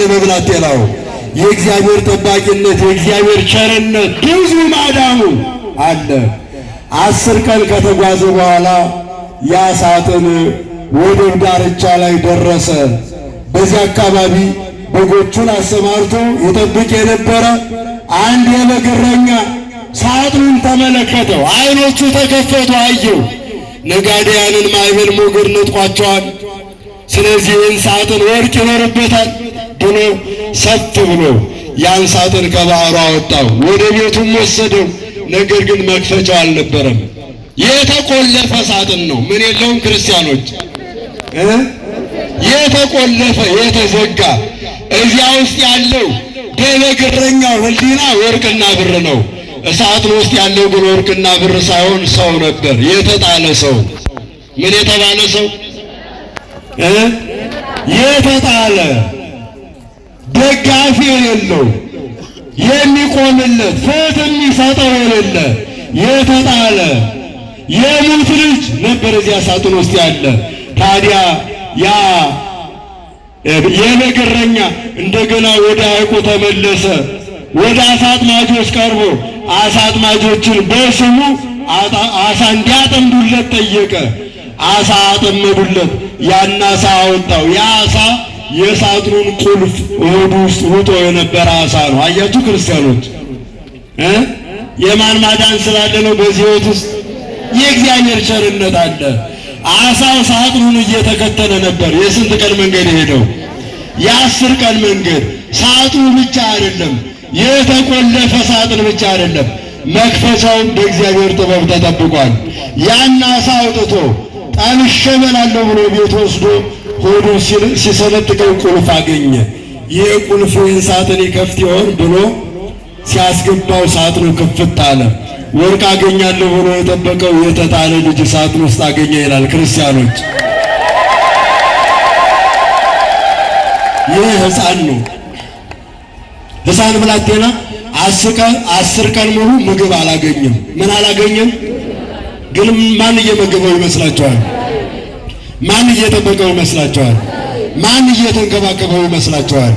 ጥበብላት ጤላው የእግዚአብሔር ጠባቂነት የእግዚአብሔር ቸርነት ብዙ ማዳኑ አለ። አስር ቀን ከተጓዘ በኋላ ያ ሳጥን ወደብ ዳርቻ ላይ ደረሰ። በዚያ አካባቢ በጎቹን አሰማርቶ ይጠብቅ የነበረ አንድ የበግ እረኛ ሳጥኑን ተመለከተው። ዓይኖቹ ተከፈቱ፣ አየው። ነጋዴያንን ማዕበል ሞገድ ነጥቋቸዋል። ስለዚህ ይህን ሳጥን ወርቅ ይኖርበታል ብሎ ሰፍ ብሎ ያን ሳጥን ከባህሩ አወጣው፣ ወደ ቤቱም ወሰደው። ነገር ግን መክፈቻው አልነበረም። የተቆለፈ ሳጥን ነው። ምን የለውም ክርስቲያኖች፣ የተቆለፈ የተዘጋ። እዚያ ውስጥ ያለው ግረኛው ሕሊና ወርቅና ብር ነው። ሳጥን ውስጥ ያለው ግን ወርቅና ብር ሳይሆን ሰው ነበር፣ የተጣለ ሰው። ምን የተባለ ሰው? የተጣለ ደጋፊ የሌለው የሚቆምለት ፍትህ የሚሰጠው የሌለ የተጣለ የሙት ልጅ ነበር እዚያ ሳጥን ውስጥ ያለ። ታዲያ ያ የበግረኛ እንደገና ወደ ሐይቁ ተመለሰ። ወደ አሳ አጥማጆች ቀርቦ አሳ አጥማጆችን በስሙ አሳ እንዲያጠምዱለት ጠየቀ። አሳ አጠመዱለት። ያን አሳ አወጣው። ያ አሳ የሳጥኑን ቁልፍ ወዱ ውስጥ ውጦ የነበረ አሳ ነው። አያችሁ ክርስቲያኖች፣ የማን ማዳን ስላለ ነው? በዚህ ህይወት ውስጥ የእግዚአብሔር ቸርነት አለ። አሳው ሳጥኑን እየተከተለ ነበር። የስንት ቀን መንገድ የሄደው? የአስር ቀን መንገድ። ሳጥኑ ብቻ አይደለም፣ የተቆለፈ ሳጥን ብቻ አይደለም፣ መክፈቻውም በእግዚአብሔር ጥበብ ተጠብቋል። ያን አሳ አውጥቶ ጠምሼ እበላለሁ ብሎ ቤት ወስዶ ሆዱ ሲሰነጥቀው ቁልፍ አገኘ። ይህ ቁልፍ ይህን ሳጥን ይከፍት ይሆን ብሎ ሲያስገባው ሳጥኑ ክፍት አለ። ወርቅ አገኛለሁ ብሎ የጠበቀው የተጣለ ልጅ ሳጥን ውስጥ አገኘ ይላል ክርስቲያኖች። ይህ ህፃን ነው። ህፃን ብላቴና አስር ቀን ሙሉ ምግብ አላገኘም። ምን አላገኘም? ግን ማን እየመገበው ይመስላችኋል? ማን እየጠበቀው ይመስላችኋል? ማን እየተንከባከበው ይመስላችኋል?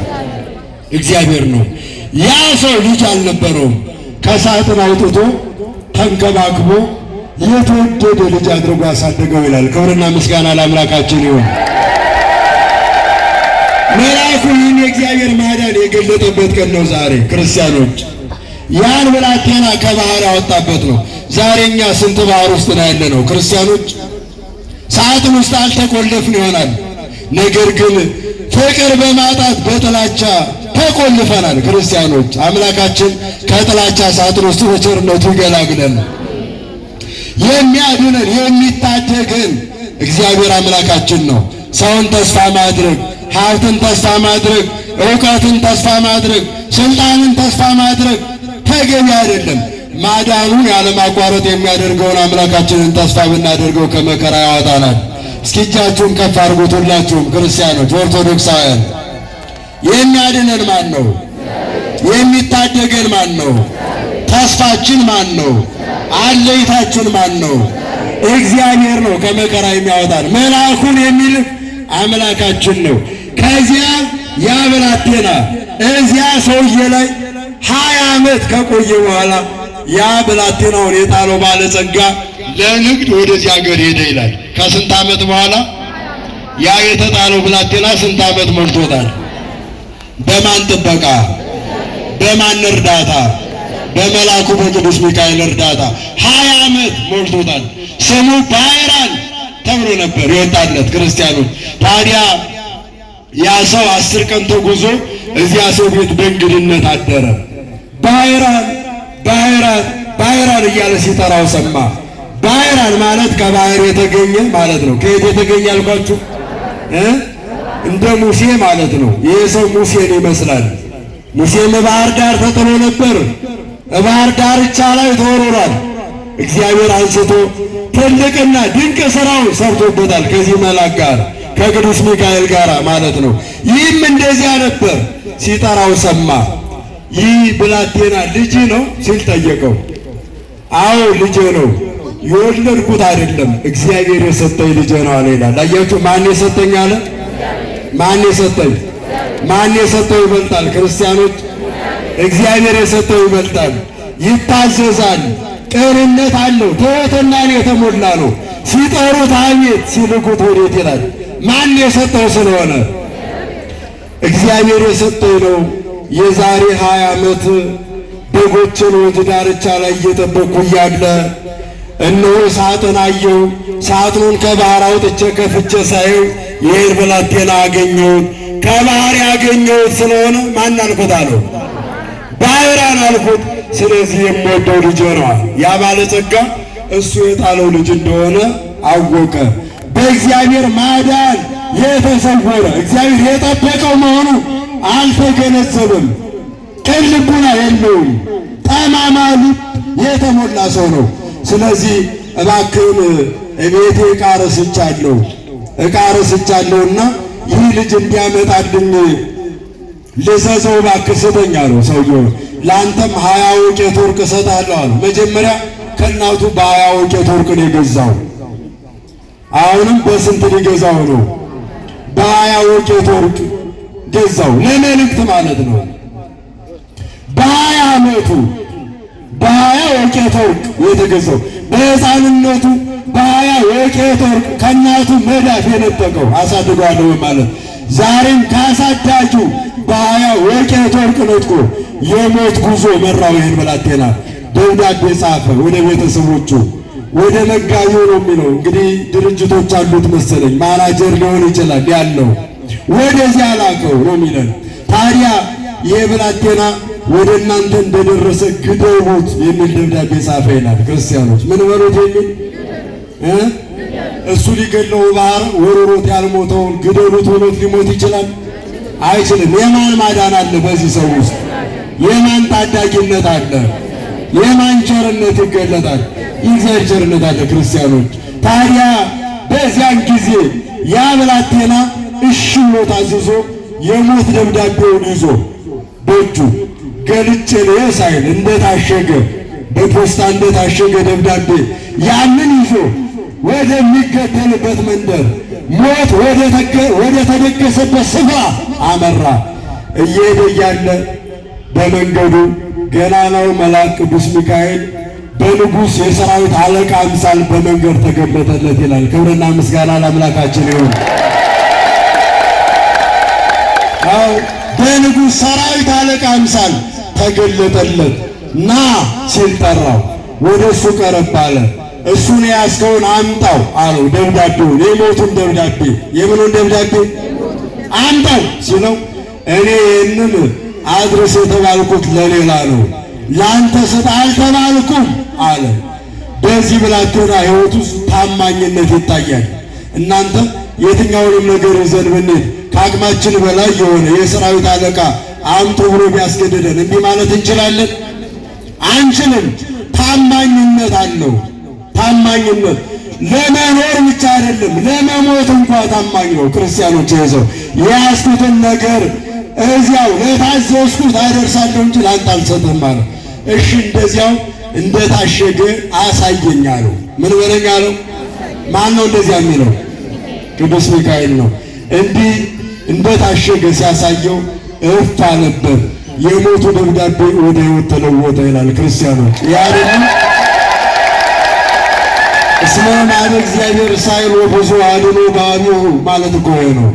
እግዚአብሔር ነው። ያ ሰው ልጅ አልነበረውም። ከሳጥን አውጥቶ ተንከባክቦ የተወደደ ልጅ አድርጎ አሳደገው ይላል። ክብርና ምስጋና ለአምላካችን ይሁን። መልአኩ ይህን የእግዚአብሔር ማዳን የገለጠበት ቀን ነው ዛሬ። ክርስቲያኖች ያን ብላቴና ከባህር ያወጣበት ነው። ዛሬ እኛ ስንት ባህር ውስጥ ነው ያለ ነው ክርስቲያኖች ሳጥን ውስጥ አልተቆለፍን ይሆናል። ነገር ግን ፍቅር በማጣት በጥላቻ ተቆልፈናል። ክርስቲያኖች አምላካችን ከጥላቻ ሳጥን ውስጥ በቸርነቱ ይገላግለን። የሚያድነን የሚታደገን እግዚአብሔር አምላካችን ነው። ሰውን ተስፋ ማድረግ፣ ሀብትን ተስፋ ማድረግ፣ እውቀትን ተስፋ ማድረግ፣ ስልጣንን ተስፋ ማድረግ ተገቢ አይደለም። ማዳኑን ያለማቋረጥ የሚያደርገውን አምላካችንን ተስፋ ብናደርገው ከመከራ ያወጣናል። እስኪ እጃችሁን ከፍ አድርጉት። ሁላችሁም ክርስቲያኖች፣ ኦርቶዶክሳውያን የሚያድነን ማን ነው? የሚታደገን ማን ነው? ተስፋችን ማን ነው? አለይታችን ማን ነው? እግዚአብሔር ነው ከመከራ የሚያወጣን መልአኩን የሚል አምላካችን ነው። ከዚያ ያብላቴና እዚያ ሰውዬ ላይ ሀያ ዓመት ከቆየ በኋላ ያ ብላቴናውን የጣለው ባለጸጋ ለንግድ ወደዚህ ሀገር ሄደ ይላል። ከስንት ዓመት በኋላ ያ የተጣለው ብላቴና ስንት ዓመት ሞልቶታል? በማን ጥበቃ፣ በማን እርዳታ? በመላኩ በቅዱስ ሚካኤል እርዳታ ሀያ ዓመት ሞልቶታል። ስሙ ባይራን ተብሎ ነበር የወጣለት ክርስቲያኑ ታዲያ ያ ሰው አስር ቀን ተጉዞ እዚያ ሰው ቤት በእንግድነት አደረ ባይራን ባህራን ባሕራን እያለ ሲጠራው ሰማ። ባህራን ማለት ከባህር የተገኘ ማለት ነው። ከየት የተገኘ አልኳችሁ? እንደ ሙሴ ማለት ነው። ይሄ ሰው ሙሴን ይመስላል። ሙሴም ባህር ዳር ተጥሎ ነበር። ባህር ዳርቻ ላይ ተወርውሯል። እግዚአብሔር አንስቶ ትልቅና ድንቅ ስራው ሰርቶበታል። ከዚህ መልአክ ጋር ከቅዱስ ሚካኤል ጋር ማለት ነው። ይህም እንደዚያ ነበር። ሲጠራው ሰማ። ይህ ብላቴና ልጅ ነው ሲል ጠየቀው። አዎ ልጄ ነው የወለድኩት አይደለም እግዚአብሔር የሰጠኝ ልጄ ነው አለ ይላል። አያችሁ ማን የሰጠኝ አለ? ማን የሰጠኝ ማን የሰጠው ይበልጣል? ክርስቲያኖች እግዚአብሔር የሰጠው ይበልጣል። ይታዘዛል፣ ቅንነት አለው፣ ትሕትናን የተሞላ ነው። ሲጠሩት አቤት ሲልኩት ወዴት ይላል። ማን የሰጠው ስለሆነ እግዚአብሔር የሰጠኝ ነው የዛሬ ሀያ ዓመት በጎችን ወንዝ ዳርቻ ላይ እየጠበቅኩ እያለ እነሆ ሳጥን አየሁ። ሳጥኑን ከባህር አውጥቼ ከፍቼ ሳየው የሄር ብላቴና አገኘሁት። ከባህር ያገኘሁት ስለሆነ ማን አልኩት አለው ባህራን አልኩት። ስለዚህ የምወደው ልጅ ሆነዋል። ያ ባለጸጋ እሱ የጣለው ልጅ እንደሆነ አወቀ። በእግዚአብሔር ማዳን የተሰወረ እግዚአብሔር የጠበቀው መሆኑ አልተገነዘበም። ቅን ልቡና የለውም። ጠማማ ልብ የተሞላ ሰው ነው። ስለዚህ እባክህን እቤቴ ዕቃ ረስቻለሁ ዕቃ ረስቻለሁና ይህ ልጅ እንዲያመጣልኝ ልዘዘው እባክህ ስጠኝ አለው ሰውየው። ለአንተም ሀያ ወቄት ወርቅ እሰጥሃለሁ አለው። መጀመሪያ ከእናቱ በሀያ ወቄት ወርቅ ነው የገዛው። አሁንም በስንት ሊገዛው ነው? በሀያ ወቄት ወርቅ ገዛው ለመልእክት ማለት ነው። በሀያ ዓመቱ በሀያ ወቄት ወርቅ የተገዛው በሕፃንነቱ በሀያ ወቄት ወርቅ ከእናቱ መዳፍ የነጠቀው አሳድጓለሁ ማለት ዛሬም ካሳዳጁ በሀያ ወቄት ወርቅ ነጥቆ የሞት ጉዞ መራው። ይህን ብላቴና ደብዳቤ ጻፈ ወደ ቤተሰቦቹ ወደ መጋቢው ነው የሚለው እንግዲህ ድርጅቶች አሉት መሰለኝ ማናጀር ሊሆን ይችላል ያለው ወደዚያ ላከው ነው የሚለን። ታዲያ የብላቴና ወደ እናንተ እንደደረሰ ግደሉት የሚል ደብዳቤ ጻፈ ይላል። ክርስቲያኖች ምን በሉት የሚል እሱ ሊገድለው ባህር ወሮሮት ያልሞተውን ግደሉት ብሎት ሊሞት ይችላል አይችልም። የማን ማዳን አለ? በዚህ ሰው ውስጥ የማን ታዳጊነት አለ? የማን ቸርነት ይገለጣል? የእግዚአብሔር ቸርነት አለ። ክርስቲያኖች ታዲያ በዚያን ጊዜ ያ ብላቴና እሺ ብሎ ታዝዞ የሞት ደብዳቤውን ይዞ በእጁ ገልጬ ልየ ሳይል እንደታሸገ በፖስታ እንደታሸገ ደብዳቤ ያንን ይዞ ወደሚገደልበት መንደር ሞት ወደ ተደገሰበት ስፍራ አመራ። እየሄደ እያለ በመንገዱ ገናናው መልአክ ቅዱስ ሚካኤል በንጉሥ የሰራዊት አለቃ አምሳል በመንገድ ተገለጠለት ይላል። ክብርና ምስጋና ለአምላካችን ይሁን። በንጉሥ ሰራዊት አለቃ አምሳል ተገለጠለት። ና ሲል ጠራው። ወደ እሱ ቀረብ አለ። እሱን የያዝከውን አምጣው አለው። ደብዳቤውን፣ የሞቱን ደብዳቤ፣ የምኑን ደብዳቤ አምጣው ሲለው እኔ ይህንን አድርስ የተባልኩት ለሌላ ነው፣ ለአንተ ስጥ አልተባልኩም አለ። በዚህ ብላቴና ሕይወት ውስጥ ታማኝነት ይታያል። እናንተ የትኛውንም ነገር ይዘን ብንሄድ ከአቅማችን በላይ የሆነ የሰራዊት አለቃ አምጡ ብሎ ቢያስገድደን እንዲህ ማለት እንችላለን? አንችልም። ታማኝነት አለው። ታማኝነት ለመኖር ብቻ አይደለም፣ ለመሞት እንኳ ታማኝ ነው። ክርስቲያኖች ይዘው የያዝኩትን ነገር እዚያው ለታዘዝኩት አደርሳለሁ እንጂ ላንተ አልሰጥም አለ። እሺ እንደዚያው እንደታሸገ አሳየኝ አለው። ምን በለኝ አለው። ማን ነው እንደዚያ የሚለው? ቅዱስ ሚካኤል ነው። እንዲህ እንደታሸገ ሲያሳየው እፍ አለበት። የሞቱ ደብዳቤ ወደ ህይወት ተለወጠ ይላል ክርስቲያኖች። ያንን እስመ ማን እግዚአብሔር ሳይል ብዙ አድኖ በአብዮ ማለት እኮ ነው።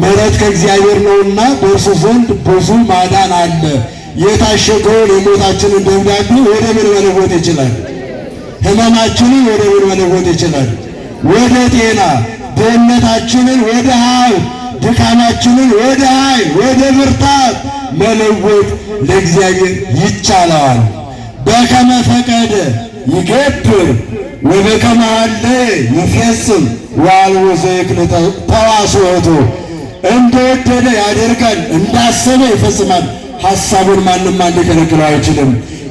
ምሕረት ከእግዚአብሔር ነውና በእርሱ ዘንድ ብዙ ማዳን አለ። የታሸገውን የሞታችንን ደብዳቤ ወደ ምን መለወጥ ይችላል? ህመማችንን ወደ ምን መለወጥ ይችላል? ወደ ጤና፣ ድህነታችንን ወደ ሀብ ድካማችንን ወደ ኃይል ወደ ብርታት መለወጥ ለእግዚአብሔር ይቻለዋል። በከመ ፈቀደ ይገብር ወበከመ ሀለ ይፈጽም ወአልቦ ዘየክልተ ተዋስኦቱ እንደወደደ ያደርጋል፣ እንዳሰበ ይፈጽማል። ሐሳቡን ማንም ማን ሊከለክለው አይችልም።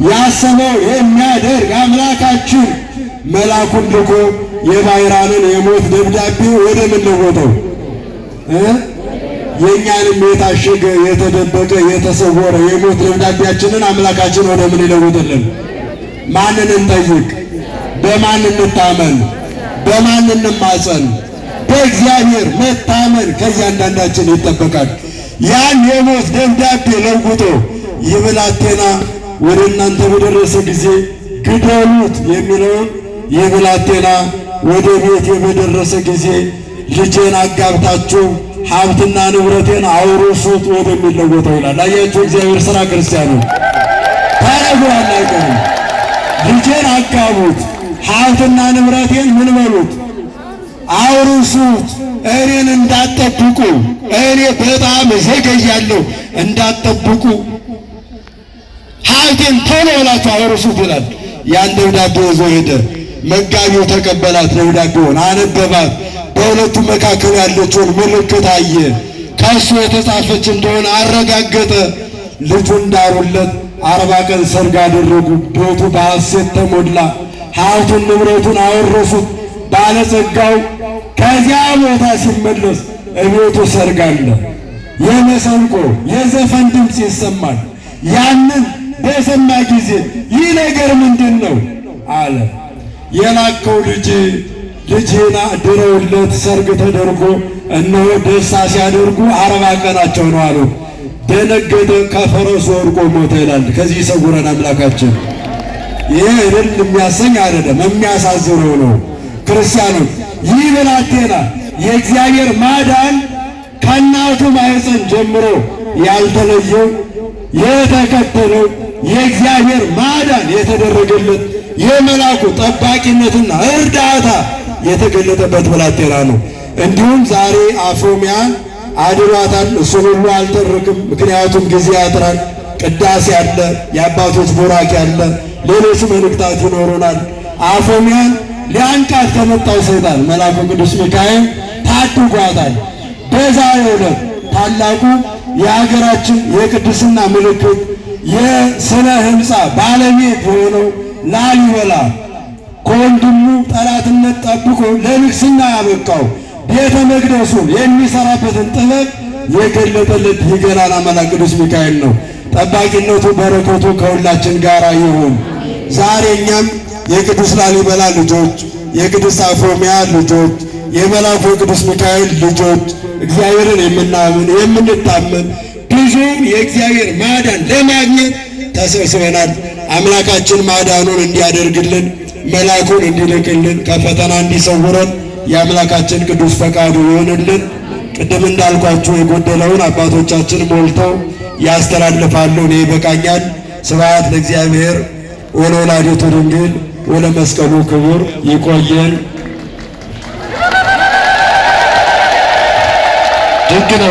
ያሰበው የሚያደርግ አምላካችን መልአኩን ልኮ የባይራንን የሞት ደብዳቤ ወደ ምን ለወጠው የእኛንም የታሸገ የተደበቀ የተሰወረ የሞት ደብዳቤያችንን አምላካችን ወደ ምን ይለውጥልን? ማንን እንጠይቅ? በማን እንታመን? በማን እንማጸን? በእግዚአብሔር መታመን ከእያንዳንዳችን ይጠበቃል። ያን የሞት ደብዳቤ ለውጦ የብላቴና ወደ እናንተ በደረሰ ጊዜ ግደሉት የሚለውን የብላቴና ወደ ቤት በደረሰ ጊዜ ልጄን አጋብታችሁ ሀብትና ንብረቴን አውርሱት ወደሚለው ቦታ ይላል። አያችሁ፣ እግዚአብሔር ሥራ ክርስቲያኑ ታረጓል አይቀርም። ልጄን አጋቡት፣ ሀብትና ንብረቴን ምን በሉት አውርሱት። እኔን እንዳትጠብቁ፣ እኔ በጣም ዘገያለሁ፣ እንዳትጠብቁ ሀብቴን ቶሎ ብላችሁ አውርሱት ይላል። ያን ደብዳቤ ይዞ ሄደ። መጋቢው ተቀበላት፣ ደብዳቤውን አነበባት። በሁለቱ መካከል ያለችውን ምልክት አየ። ከእሱ የተጻፈች እንደሆነ አረጋገጠ። ልጁን ዳሩለት። አርባ ቀን ሰርግ አደረጉ። ቤቱ በሐሴት ተሞላ። ሀብቱን ንብረቱን አወረሱት። ባለጸጋው ከዚያ ቦታ ሲመለስ እቤቱ ሰርግ አለ። የመሰንቆ የዘፈን ድምፅ ይሰማል። ያንን በሰማ ጊዜ ይህ ነገር ምንድን ነው አለ። የላከው ልጅ ልጅህን ድረውለት ሰርግ ተደርጎ እነሆ ደስታ ሲያደርጉ አርባ ቀናቸው ነው አሉ። ደነገጠ፣ ከፈረሱ ወድቆ ሞተ ይላል። ከዚህ ይሰውረን አምላካችን። ይህ እልል የሚያሰኝ አይደለም፣ የሚያሳዝነው ነው። ክርስቲያኑ ይህ ብላቴና የእግዚአብሔር ማዳን ከእናቱ ማኅፀን ጀምሮ ያልተለየው የተከተለው የእግዚአብሔር ማዳን የተደረገለት የመላኩ ጠባቂነትና እርዳታ የተገለጠበት ብላቴና ነው። እንዲሁም ዛሬ አፍሮሚያ አድሏታል። እሱ ሁሉ አልተርክም፣ ምክንያቱም ጊዜ ያጥራል። ቅዳሴ አለ፣ የአባቶች ቡራኪ አለ፣ ሌሎች መልእክታት ይኖሩናል። አፎሚያን ሊያንቃት ከመጣው ሰይጣን መልአኩ ቅዱስ ሚካኤል ታድጓታል። በዛ የዕለት ታላቁ የሀገራችን የቅድስና ምልክት የስነ ህንፃ ባለቤት የሆነው ላሊበላ ከወንድሙ ጠላትነት ጠብቆ ለንግስና ያበቃው ቤተ መቅደሱን የሚሰራበትን ጥበብ የገለጠለት የገናና መልአክ ቅዱስ ሚካኤል ነው። ጠባቂነቱ በረከቱ ከሁላችን ጋር ይሁን። ዛሬ እኛም የቅዱስ ላሊበላ ልጆች፣ የቅዱስ አፍሮሚያ ልጆች፣ የመልአኩ ቅዱስ ሚካኤል ልጆች እግዚአብሔርን የምናምን የምንታመን ብዙም የእግዚአብሔር ማዳን ለማግኘት ተሰብስበናል። አምላካችን ማዳኑን እንዲያደርግልን መላኩን እንዲልክልን ከፈተና እንዲሰውረን የአምላካችን ቅዱስ ፈቃዱ ይሆንልን። ቅድም እንዳልኳችሁ የጎደለውን አባቶቻችን ሞልተው ያስተላልፋሉ። እኔ ይበቃኛል። ስብሐት ለእግዚአብሔር ወለወላዲቱ ድንግል ወለመስቀሉ ክቡር። ይቆየን። ድንቅ ነው።